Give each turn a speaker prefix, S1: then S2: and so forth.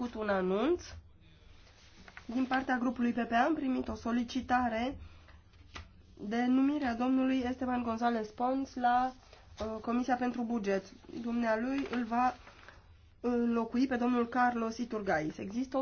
S1: făcut un anunț. Din partea grupului PPA am primit o solicitare de numire a domnului Esteban González Pons la uh, Comisia pentru Buget. Dumnealui îl va uh, înlocui pe domnul Carlos
S2: Iturgais. Există o